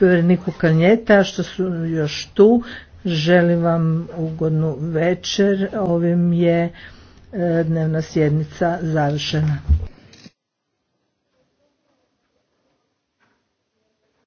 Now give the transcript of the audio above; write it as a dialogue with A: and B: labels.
A: povjereniku Kanjeta što su još tu. Želim vam ugodnu večer. Ovim je e, dnevna sjednica završena.